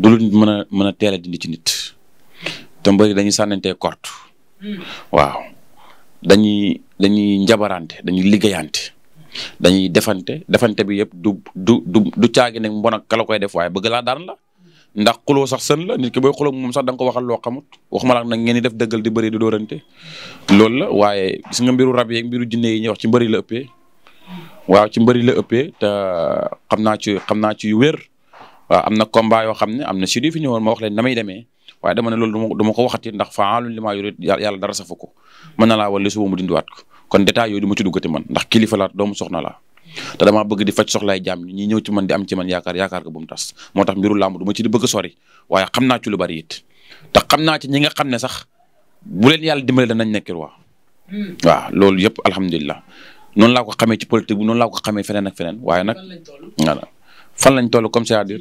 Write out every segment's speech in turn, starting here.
du lu mën a mën a teel a dindi ci nit te mbëri dañuy sànnantee korte waaw dañuy dañuy njabarante dañuy liggéeyante dañuy defante defante bi yëpp du du du du caagi nag mbon ak kala koy def waaye bëgg laa daan la ndax xuloo sax sën la nit ki booy xuloo moom sax da nga ko waxal loo xamut waxuma la nag ngeen di def dëggal di bari di dóorante loolu la waaye gis nga mbiru rab yeeg mbiru jinne yi ñuy wax ci mbëri la ëppee waaw ci mbari la ëppee te xam naa ci xam naa ci yu wér waaw am na combat yoo xam ne am na si fi ñëwoon ma wax leen damay demee waaye dama ne loolu du ma ko waxati ndax faalun li maa yurid yàlla dara safu ko mën na laa wala suba mu dindiwaat ko kon détail yooyu du ma ci duggati man ndax kilifa laa doomu soxna laa te damaa bëgg di faj soxlaay jàmm ñi ñëw ci man di am ci man yaakaar yaakaar ko bu mu tas moo tax mbiru làmb du ma ci sori waaye xam naa ci lu bari it te xam naa ci ñi nga xam ne sax bu leen yàlla dimbale danañ nekk roi hmm. waaw loolu yëpp alhamdulilah noonu laa ko xamee ci politique bi noonu laa ko xamee feneen ak feneen waaye nag fan lañ toll comme si à mbër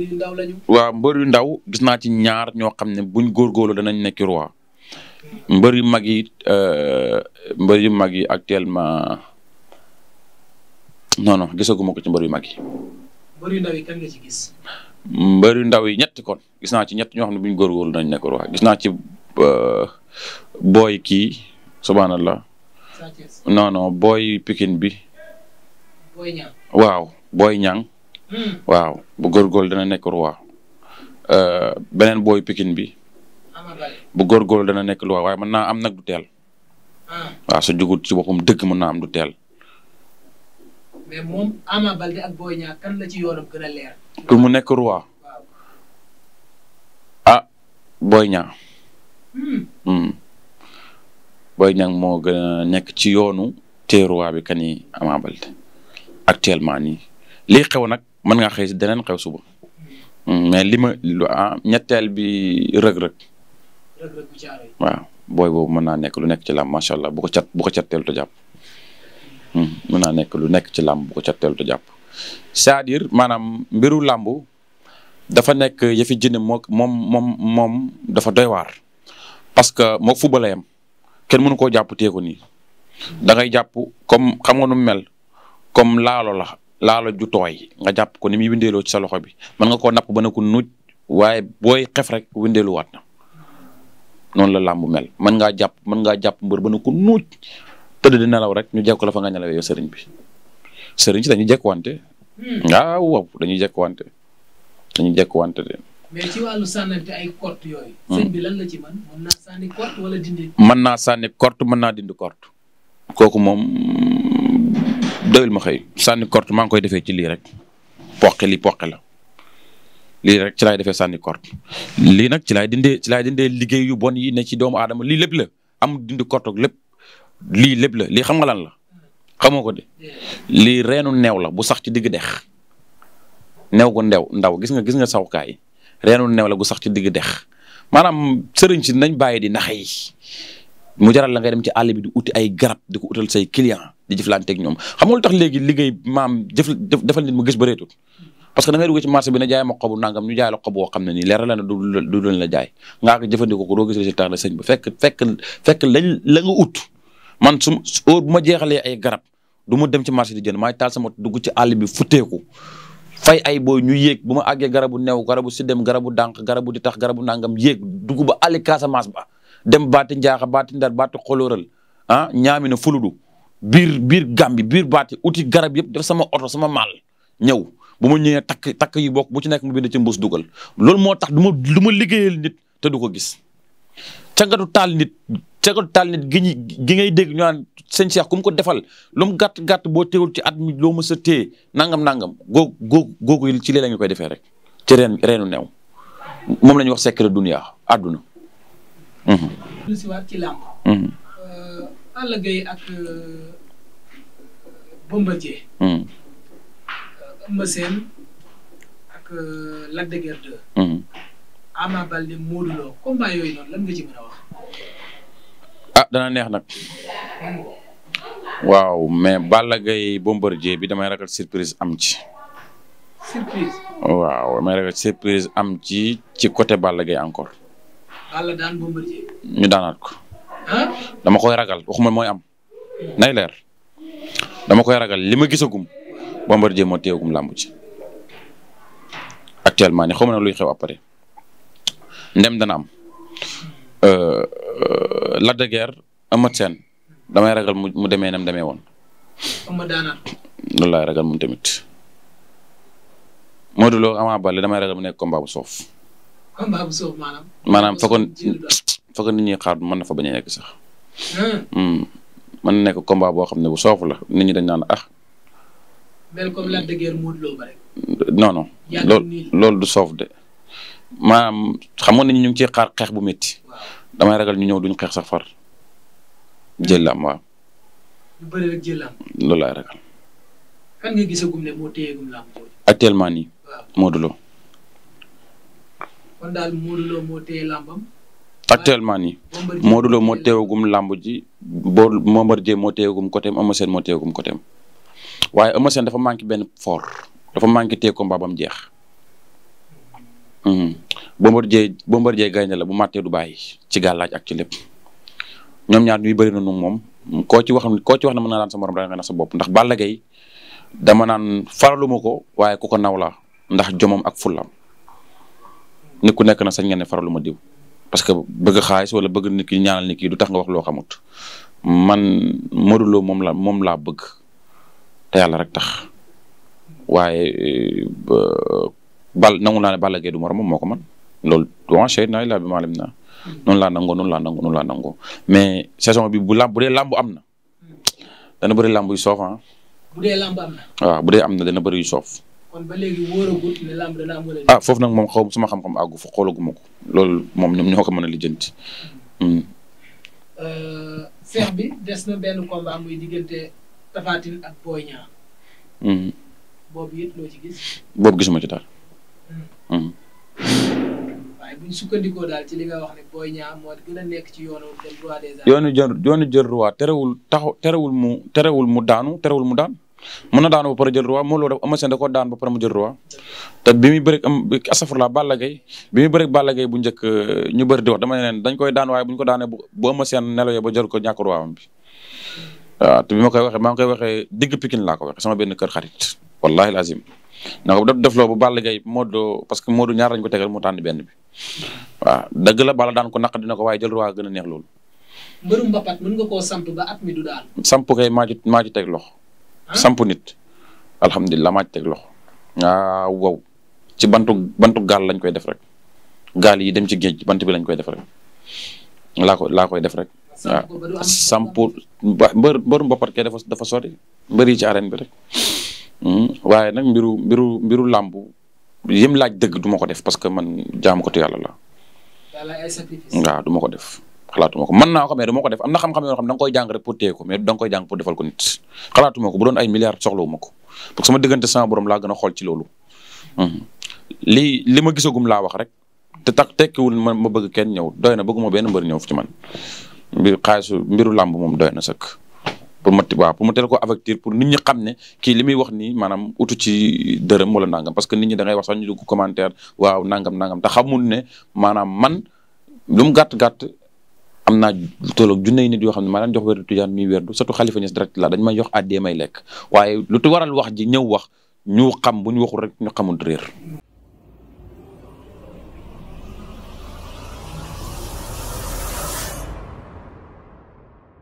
yu ndaw waaw mbër yu ndaw gis naa ci ñaar ñoo xam ne buñ góorgóorlu danañ nekk roi mbër yu mag yi euh, mbër yu mag yi actuellement non non ko ci mbër yu mag yi. mbër yu ndaw yi kan nga gis. ñett kon gis naa ci ñett ñoo xam ne buñ góorgóorlu danañ nekk roi gis naa ci euh, booy kii subhanallah. non non booy pikin bi. waaw booy ñang hmm. waaw bu góorgóorlu dana nekk roi euh, beneen booy pikin bi bu góorgóorlu dana nekk roi waaye mën naa am nag du teel ah. waaw sa jugut ci boppam dëgg mën naa am du teel mais mu nekk roi. ah Boy Niang. Hmm. Hmm. Boy Niang moo gën a nekk ci yoonu te roi bi kan yi Ama Baldé. actuellement nii lii xew nag mën nga xëy si deneen xew suba hmm, mais li ma ah ñetteel bi rëg-rëg waaw booy boobu mën naa nekk lu nekk ci làmb macha allah bu ko cat bu ko hmm, naa nekk lu nekk ci làmb bu ko cat teelu ta jàpp cest maanaam mbiru làmb dafa nekk yëfi jinne moo moom dafa doy waar parce que moo football yam kenn mënu koo jàpp nii da ngay jàpp xam nga nu mel comme laalo la laalo ju tooy nga jàpp ko ni muy windeeloo ci sa loxo bi mën nga koo napp ba ne ko nuuj waaye booy xef rek windeeluwaat na noonu la làmb mel mën ngaa jàpp mën ngaa jàpp mbër ba ne ko nuuj tëdd di nelaw rek ñu jekk la fa nga nelawee yow sëriñ sëriñ si dañuy jekkuwante. Hmm. waaw waaw dañuy jekkuwante dañuy jekkuwante kort yooyu. Hmm. sëñ bi mën naa sànni kort wala mën naa sànni kort kooku moom. doyul ma xëy sànni korte maa ngi koy defee ci lii rek poqe lii poqe la lii rek ci laay defee sànni korte lii nag ci laay dindee ci laay dindee liggéeyu bon yi ne ci doomu adama lii lépp la am dindi korte lépp lii lépp la lii xam nga lan la xamoo ko de lii reenu neew la bu sax ci digg dex new gu ndew ndaw gis nga gis nga sawkaay reenu neew la gu sax ci digg dex maanaam sëriñ si nañ bàyyi di nax yi mu jaral la ngay dem ci àll bi di uti ay garab di ko utal say client di jëflanteeg ñoom xam nga lu tax léegi liggéey maam jëf defal nit mu gis bëreetut parce que da ngay dugg ci marché bi ne jaay ma xobu nangam ñu jaay la xob woo xam ne nii leer la ne du du doon la jaay ngaa ko jëfandikoo ko doo gis résultat la sëñ fekk fekk fekk la nga ut man su heure bu ma jeexalee ay garab du ma dem ci marché di jënd maay taal sama dugg ci àll bi futteeku fay ay booy ñu yéeg bu ma àggee garabu new garabu siddem garabu dànq garabu di tax garabu nangam yéeg dugg ba àlli Casamance ba dem baati njaaxa baati ndar baati xolóoral ah ñaami na fuludu biir biir gambi biir baati uti garab yëpp def sama oto sama maal ñëw bu ma ñëwee takk takk yu bokk bu ci nekk mu bind ci mbuus dugal loolu moo tax du ma du ma liggéeyal nit te du ko gis cagatu taal nit cagatu gi gi ngay dégg ñu naan sëñ ko defal lu mu gàtt gàtt boo teewul ci at loo ma sa téye nangam nangam googu googu googu ci lee la koy defee rek ci renu new moom la ñuy wax secret dunia àdduna Mm-hmm. lu si waat ci mm-hmm. euh, ak euh, Bombardier mm-hmm. euh, Eumeu Sène ak Lac de ah dana neex nag waaw mais Balla Gaye Bombardier bi damay ragal surprise am ci surprise waaw damay ragal surprise am ci ci côté Balla Gaye encore Alla daan ñu daanaat ko. dama koy ragal waxuma mooy am. nay leer dama koy ragal li ma gisagum Bombardier moo teewagum làmb ci actuellement ni xaw ma luy xew après ndem dana am euh, euh, Lac de Guiers damay ragal mu mu demee nem demee woon. Eumeu daanaat. loolu laay ragal moom tamit Modou Lo Ama Baldé damay ragal mu nekk combat bu soof. maanaam. maanaam fa ko fa ko nit ñi xaar mën na fa a yegg sax. Hmm. Hmm. mën na nekk combat boo xam ne bu soofu la nit ñi dañ naan ah. mel comme loolu du soof de maanaam xamoon nañu ñu ngi ciy xaar xeex bu metti damay ragal ñu ñëw duñ xeex sax far. Hmm. jëllaam waaw. lu bëri loolu laay ragal. kan nga gisagum ne nii. waaw Modou kon daal Modou Lo moo téye làmbam. actuellement nii moo teewagum làmb ji boo Bombardier moo teewagum côté am Eumeu Sène moo teewagum côté am waaye Eumeu Sène dafa manqué benn fort dafa manqué téye combat bam jeex. Mhm. Bombardier Bombardier gaynde la bu màttee du bàyyi ci gàllaaj ak ci lépp ñoom ñaar ñuy bari na nu moom koo ci wax koo ci wax na mën naa daan sa morom da bopp ndax Balla Gaye dama naan faraluma ko waaye ku ko naw la ndax jomam ak fulam. nit ku nekk na sañ nga ne faralu ma diw parce que bëgg xaalis wala bëgg nit ki ñaanal nit ki tax nga wax loo xamut man Modou moom la moom laa bëgg te yàlla rek tax waaye bal nangu naa ne Balla Gaye du moromam moo ko man loolu wa shahidnaa illaa bimaa alimnaa noonu laa nangoo noonu laa nangoo noonu laa nangoo mais saison bi bu làmb bu dee làmb am na dana bëri làmb yu soof ah. am na. waaw bu dee am na dana bëri soof. kon ba léegi wóoragul ne lamb ah, nag moom suma xam-xam àggu fa xoolaguma ko loolu moom ñoom ñoo ko mën a lijjanti. Hmm. Euh, feex bi des na benn combat muy diggante Tapha ak Boy Niang. Hmm. boobu yëpp loo ci gis. boobu gisuma ci daal. Hmm. waaye bu ñu sukkandikoo daal ci li nga wax ne Boy Niang ci yoonu jël roi des terewul taxaw terewul mu terewul mu daanu terewul mu daan. mën na daan ba pare jël roi Modou Lo def Eumeu Sène da ko daan ba pare mu jël roi te bi muy bëri am astafurlaa Balla Gaye bi muy bëri Balla Gaye bu njëkk euh, ñu bëri di wax dama ne leen dañ koy daan waaye bu ñu ko daanee bu Eumeu Sène nelawee ba jël ko ñàkk roi am ma koy waxee maa ngi koy waxee digg Pikine laa ko waxee benn kër xarit wallahi lazim na ko def loo bu Balla Gaye Modou parce que Modou ñaar lañ ko tegal mu tànn benn bi waaw dëgg la daan ko naq dina ko waaye jël roi gën a neex maa maa ci teg loxo samp nit alhamdulilah maa ci teg loxo ah wow ci bantu bantu gaal lañ koy def rek gaal yi dem ci géej bant bi lañ koy def rek laa ko laa koy def rek. waaw ah. samp ba mbër mbër mboppat kay dafa dafa sori mbër yi ci arène bi rek. Hmm. waaye nag mbiru mbiru mbiru làmb yim laaj dëgg duma ma ko def parce que man jaamu ko tu yàlla la. waaw du ko def. xalaatuma ko mën naa ko mais dama ko def am na xam-xam yoo xam da nga koy jàng rek pour téye ko mais koy jàng pour defal ko nit xalaatuma ko bu doon ay milliards soxlawuma ko parce que sama diggante sama borom laa gën ci loolu hmm. lii li ma gisagum laa wax rek te tax tekkiwul ma ma bëgg kenn ñëw doy na bëgguma benn mbër ñëw fi ci man mbir xaalisu mbiru làmb moom doy na sëkk pour ma waaw pour ma teel ko pour nit ñi xam ne ki li muy wax nii maanaam utu ci dërëm wala nangam parce que nit ñi da wax sax ñu dugg commentaire waaw nangam nangam te xamul ne maanaam man lu mu gàtt gàtt am naa tolloog junney nit yoo xam ne maa daan jox werdu tijaan ñuy werdu surtout xalifa ñes direct la dañ may jox addee may lekk waaye lu waral wax ji ñëw wax ñu xam bu ñu waxul rek ñu xamul réer